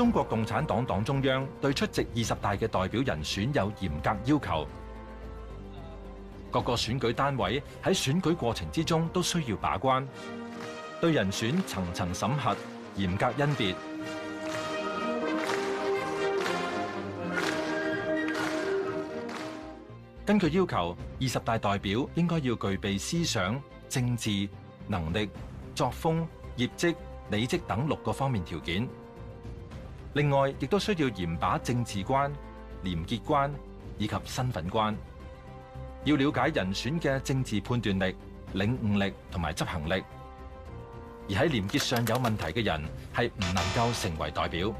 中國共產黨黨中央對出席20另外，亦都需要嚴把政治關、廉潔關以及身份關，要了解人選嘅政治判斷力、領悟力同埋執行力，而喺廉潔上有問題嘅人係唔能夠成為代表。